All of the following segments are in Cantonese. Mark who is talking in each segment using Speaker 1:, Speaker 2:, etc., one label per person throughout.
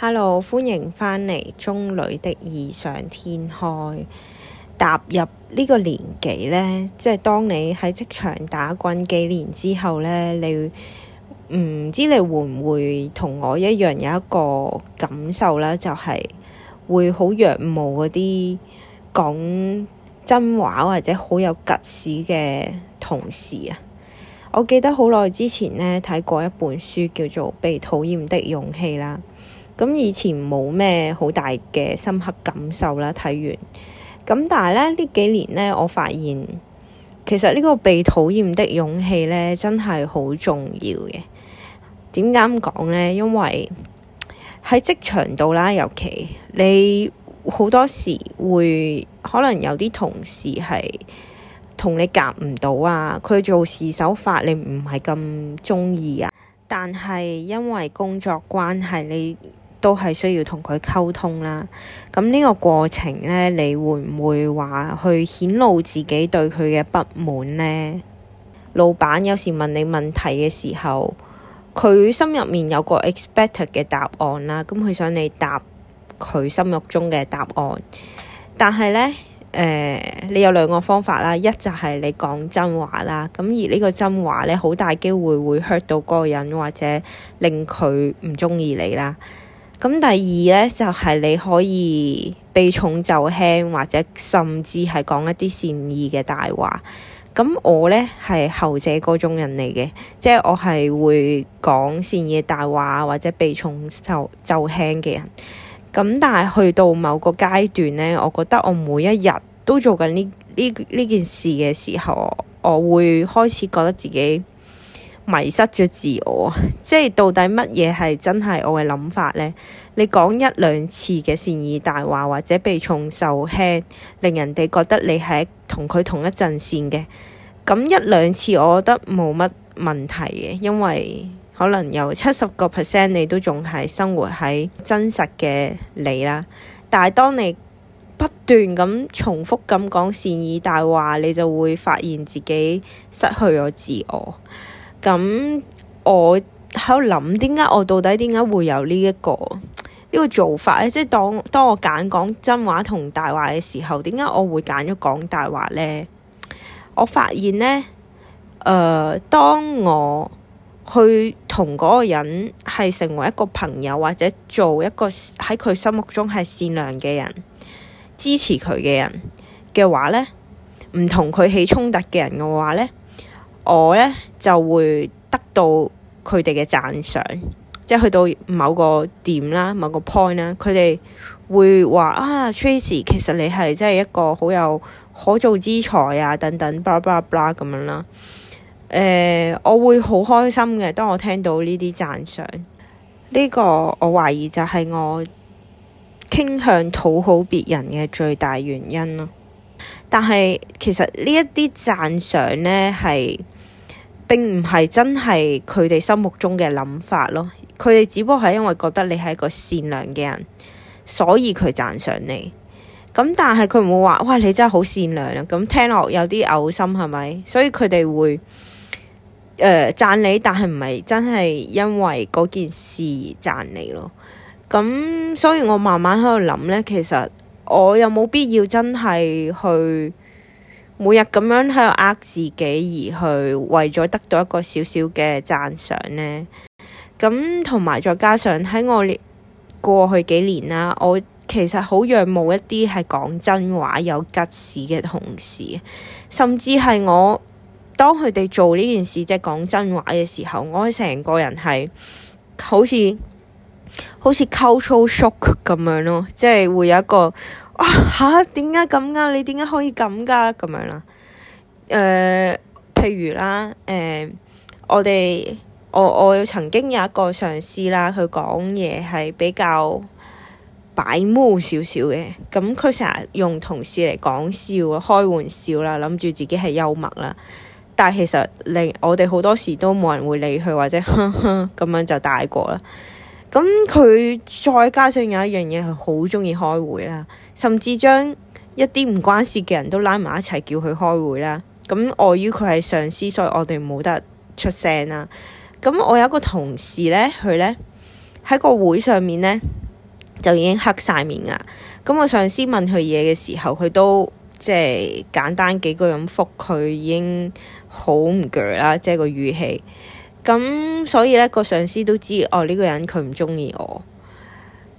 Speaker 1: Hello，歡迎返嚟《中女的異想天開》。踏入呢個年紀呢，即係當你喺職場打滾幾年之後呢，你唔知你會唔會同我一樣有一個感受啦，就係會好仰慕嗰啲講真話或者好有格屎嘅同事啊。我記得好耐之前呢，睇過一本書，叫做《被討厭的勇氣》啦。咁以前冇咩好大嘅深刻感受啦，睇完。咁但係咧，呢幾年咧，我發現其實呢個被討厭的勇氣咧，真係好重要嘅。點解咁講咧？因為喺職場度啦，尤其你好多時會可能有啲同事係同你夾唔到啊，佢做事手法你唔係咁中意啊。但係因為工作關係，你都係需要同佢溝通啦。咁呢個過程呢，你會唔會話去顯露自己對佢嘅不滿呢？老闆有時問你問題嘅時候，佢心入面有個 expected 嘅答案啦。咁佢想你答佢心目中嘅答案。但係呢，誒、呃，你有兩個方法啦。一就係你講真話啦。咁而呢個真話呢，好大機會會 hurt 到嗰個人，或者令佢唔鍾意你啦。咁第二咧就係你可以避重就輕，或者甚至係講一啲善意嘅大話。咁我咧係後者嗰種人嚟嘅，即係我係會講善意嘅大話或者避重就就輕嘅人。咁但係去到某個階段咧，我覺得我每一日都做緊呢呢呢件事嘅時候，我會開始覺得自己迷失咗自我，即係到底乜嘢係真係我嘅諗法咧？你講一兩次嘅善意大話或者避重就輕，令人哋覺得你係同佢同一陣線嘅。咁一兩次，我覺得冇乜問題嘅，因為可能有七十個 percent 你都仲係生活喺真實嘅你啦。但係當你不斷咁重複咁講善意大話，你就會發現自己失去咗自我。咁我喺度諗，點解我到底點解會有呢、呢、一個呢、呢個做法咧？即係當當我揀講真話同大話嘅時候，點解我會揀咗講大話咧？我發現咧，誒、呃，當我去同嗰個人係成為一個朋友，或者做一個喺佢心目中係善良嘅人、支持佢嘅人嘅話咧，唔同佢起衝突嘅人嘅話咧。我咧就會得到佢哋嘅讚賞，即係去到某個點啦、某個 point 啦，佢哋會話啊，Tracy，其實你係真係一個好有可造之才啊，等等，巴拉巴拉咁樣啦。誒、呃，我會好開心嘅，當我聽到呢啲讚賞，呢、這個我懷疑就係我傾向討好別人嘅最大原因咯。但係其實呢一啲讚賞咧係，並唔係真係佢哋心目中嘅諗法咯，佢哋只不過係因為覺得你係一個善良嘅人，所以佢讚賞你。咁但係佢唔會話，哇你真係好善良啊！咁聽落有啲嘔心係咪？所以佢哋會誒、呃、讚你，但係唔係真係因為嗰件事讚你咯。咁所以我慢慢喺度諗咧，其實我又冇必要真係去。每日咁樣喺度呃自己，而去為咗得到一個小小嘅讚賞呢。咁同埋再加上喺我過去幾年啦，我其實好仰慕一啲係講真話有 guts 嘅同事，甚至係我當佢哋做呢件事即係講真話嘅時候，我成個人係好似好似 cultural shock 咁樣咯，即係會有一個。啊嚇！點解咁噶？你點解可以咁噶？咁樣啦、啊，誒、呃，譬如啦，誒、呃，我哋我我曾經有一個上司啦，佢講嘢係比較擺毛少少嘅，咁佢成日用同事嚟講笑啊，開玩笑啦，諗住自己係幽默啦，但係其實令我哋好多時都冇人會理佢，或者呵呵咁樣就大過啦。咁佢再加上有一樣嘢係好中意開會啦，甚至將一啲唔關事嘅人都拉埋一齊叫佢開會啦。咁、嗯、礙於佢係上司，所以我哋冇得出聲啦。咁、嗯、我有一個同事咧，佢咧喺個會上面咧就已經黑晒面啦。咁、嗯、我上司問佢嘢嘅時候，佢都即係簡單幾句咁覆，佢已經好唔鋸啦，即係個語氣。咁所以呢個上司都知哦，呢個人佢唔鍾意我。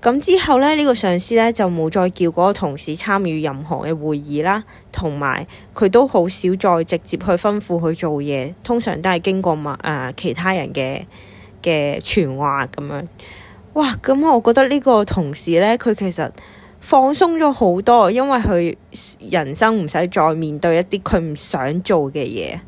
Speaker 1: 咁之後呢，呢個上司呢，就冇再叫嗰個同事參與任何嘅會議啦，同埋佢都好少再直接去吩咐佢做嘢，通常都係經過啊、呃、其他人嘅嘅傳話咁樣。哇！咁我覺得呢個同事呢，佢其實放鬆咗好多，因為佢人生唔使再面對一啲佢唔想做嘅嘢。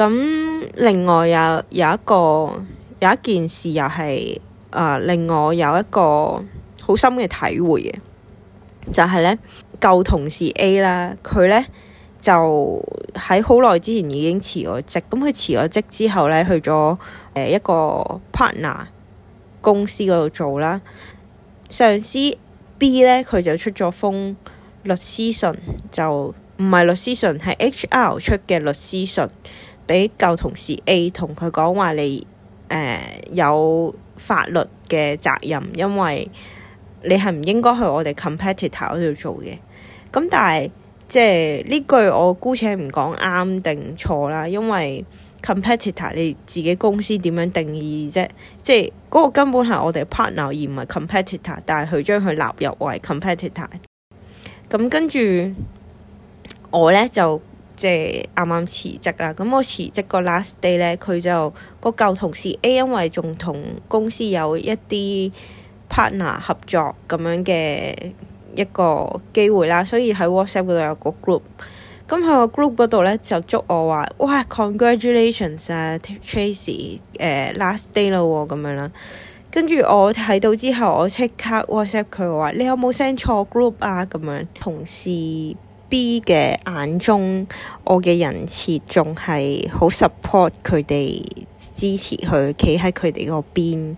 Speaker 1: 咁另外有有一個有一件事又係，誒令我有一個好深嘅體會嘅，就係咧舊同事 A 啦，佢咧就喺好耐之前已經辭咗職。咁佢辭咗職之後咧，去咗誒、呃、一個 partner 公司嗰度做啦。上司 B 咧，佢就出咗封律師信，就唔係律師信，係 HR 出嘅律師信。俾舊同事 A 同佢講話你誒、呃、有法律嘅責任，因為你係唔應該去我哋 competitor 度做嘅。咁、嗯、但係即係呢句我姑且唔講啱定錯啦，因為 competitor 你自己公司點樣定義啫？即係嗰、那個根本係我哋 partner 而唔係 competitor，但係佢將佢納入為 competitor。咁、嗯、跟住我呢就。即係啱啱辭職啦，咁我辭職個 last day 咧，佢就、嗰個舊同事 A 因為仲同公司有一啲 partner 合作咁樣嘅一個機會啦，所以喺 WhatsApp 嗰度有個 group，咁喺個 group 嗰度咧就祝我話，哇，congratulations 啊，Tracy，誒、uh, last day 啦喎、哦，咁樣啦，跟住我睇到之後，我即刻 WhatsApp 佢話，你有冇 send 錯 group 啊？咁樣同事。B 嘅眼中，我嘅人設仲係好 support 佢哋，支持佢，企喺佢哋嗰邊。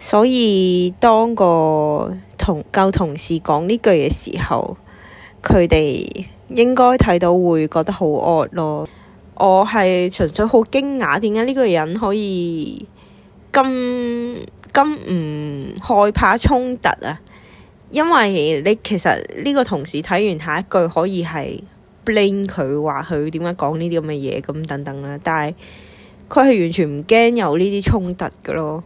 Speaker 1: 所以當個同舊同事講呢句嘅時候，佢哋應該睇到會覺得好惡咯。我係純粹好驚訝，點解呢個人可以咁咁唔害怕衝突啊？因為你其實呢個同事睇完，下一句可以係 blame 佢，話佢點解講呢啲咁嘅嘢咁等等啦，但係佢係完全唔驚有呢啲衝突㗎咯。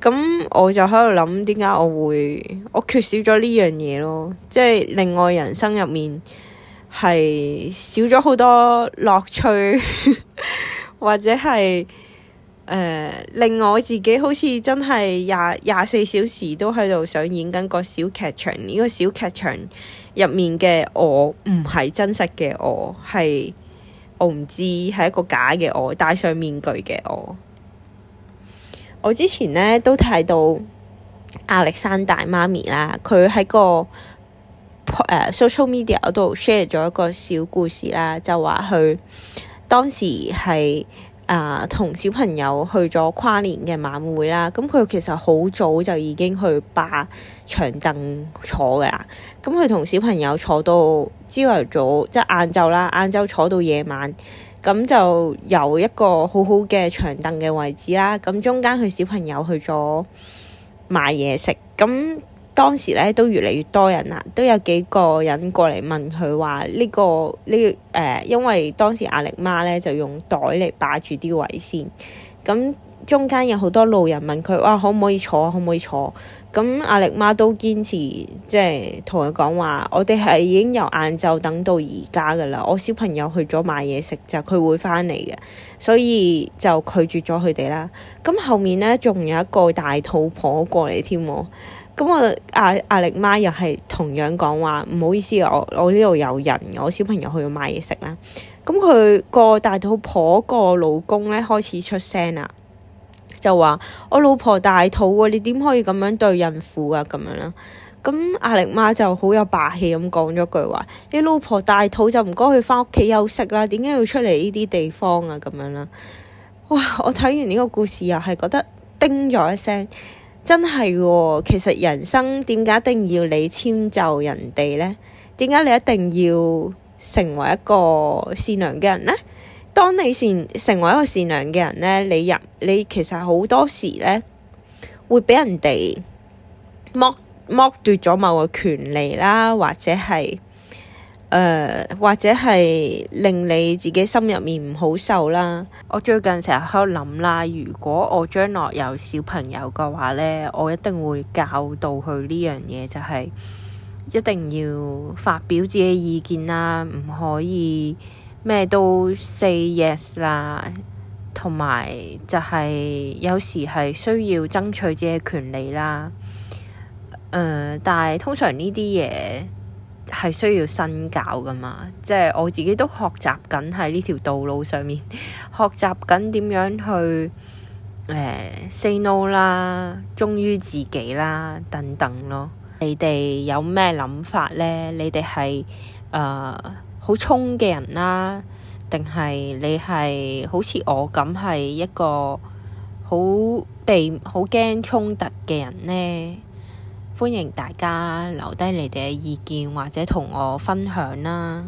Speaker 1: 咁我就喺度諗，點解我會我缺少咗呢樣嘢咯？即係另外人生入面係少咗好多樂趣 或者係。呃、令我自己好似真係廿四小時都喺度上演緊個小劇場，呢、呢個小劇場入面嘅我唔係真實嘅我，係我唔知係一個假嘅我，戴上面具嘅我。 我之前呢都睇到亞歷山大媽咪啦，佢喺個 social media 度 share 咗一個小故事啦，就話佢當時係。啊，同小朋友去咗跨年嘅晚會啦，咁、嗯、佢其實好早就已經去霸長凳坐㗎喇，咁佢同小朋友坐到朝頭早，即係晏晝啦，晏晝坐到夜晚，咁、嗯、就有一個好好嘅長凳嘅位置啦，咁、嗯、中間佢小朋友去咗買嘢食，咁、嗯。當時咧都越嚟越多人喇，都有幾個人過嚟問佢話呢個呢誒，這個呃，因為當時阿力媽咧就用袋嚟霸住啲位先。咁中間有好多路人問佢：哇，可唔可以坐？可唔可以坐？咁阿力媽都堅持，即係同佢講話：我哋係已經由晏晝等到而家㗎喇，我小朋友去咗買嘢食就佢會返嚟嘅，所以就拒絕咗佢哋啦。咁後面呢，仲有一個大肚婆過嚟添。咁啊，阿阿力媽又係同樣講話，唔好意思，我我呢度有人，我小朋友去買嘢食啦。咁佢個大肚婆個老公咧開始出聲啦，就話：我老婆大肚喎啊，你點可以咁樣對孕婦啊？咁樣啦。咁阿啊力媽就好有霸氣咁講咗一句話：你老婆大肚就唔該去翻屋企休息啦，點解要出嚟呢啲地方啊？咁樣啦。哇！我睇完呢個故事又係覺得叮咗一聲。真係喎，其實人生點解一定要你遷就人哋呢？點解你一定要成為一個善良嘅人呢？當你善成為一個善良嘅人呢，你人你其實好多時呢會畀人哋剝剝奪咗某個權利啦，或者係。誒、uh, 或者係令你自己心入面唔好受啦。我最近成日喺度諗啦，如果我將來有小朋友嘅話咧，我一定會教導佢呢樣嘢，就係、是、一定要發表自己嘅意見啦，唔可以咩都 say yes 啦，同埋就係有時係需要爭取自己嘅權利啦。誒、呃，但係通常呢啲嘢係需要身教㗎嘛？即係我自己都學習緊喺呢條道路上面，學習緊點樣去、呃、say no 啦，忠於自己啦等等咯。你哋有咩諗法呢？你哋係誒、好衝嘅人啦，定係你係好似我咁係一個好被、好驚衝突嘅人呢？歡迎大家留低你哋嘅意見，或者同我分享啦。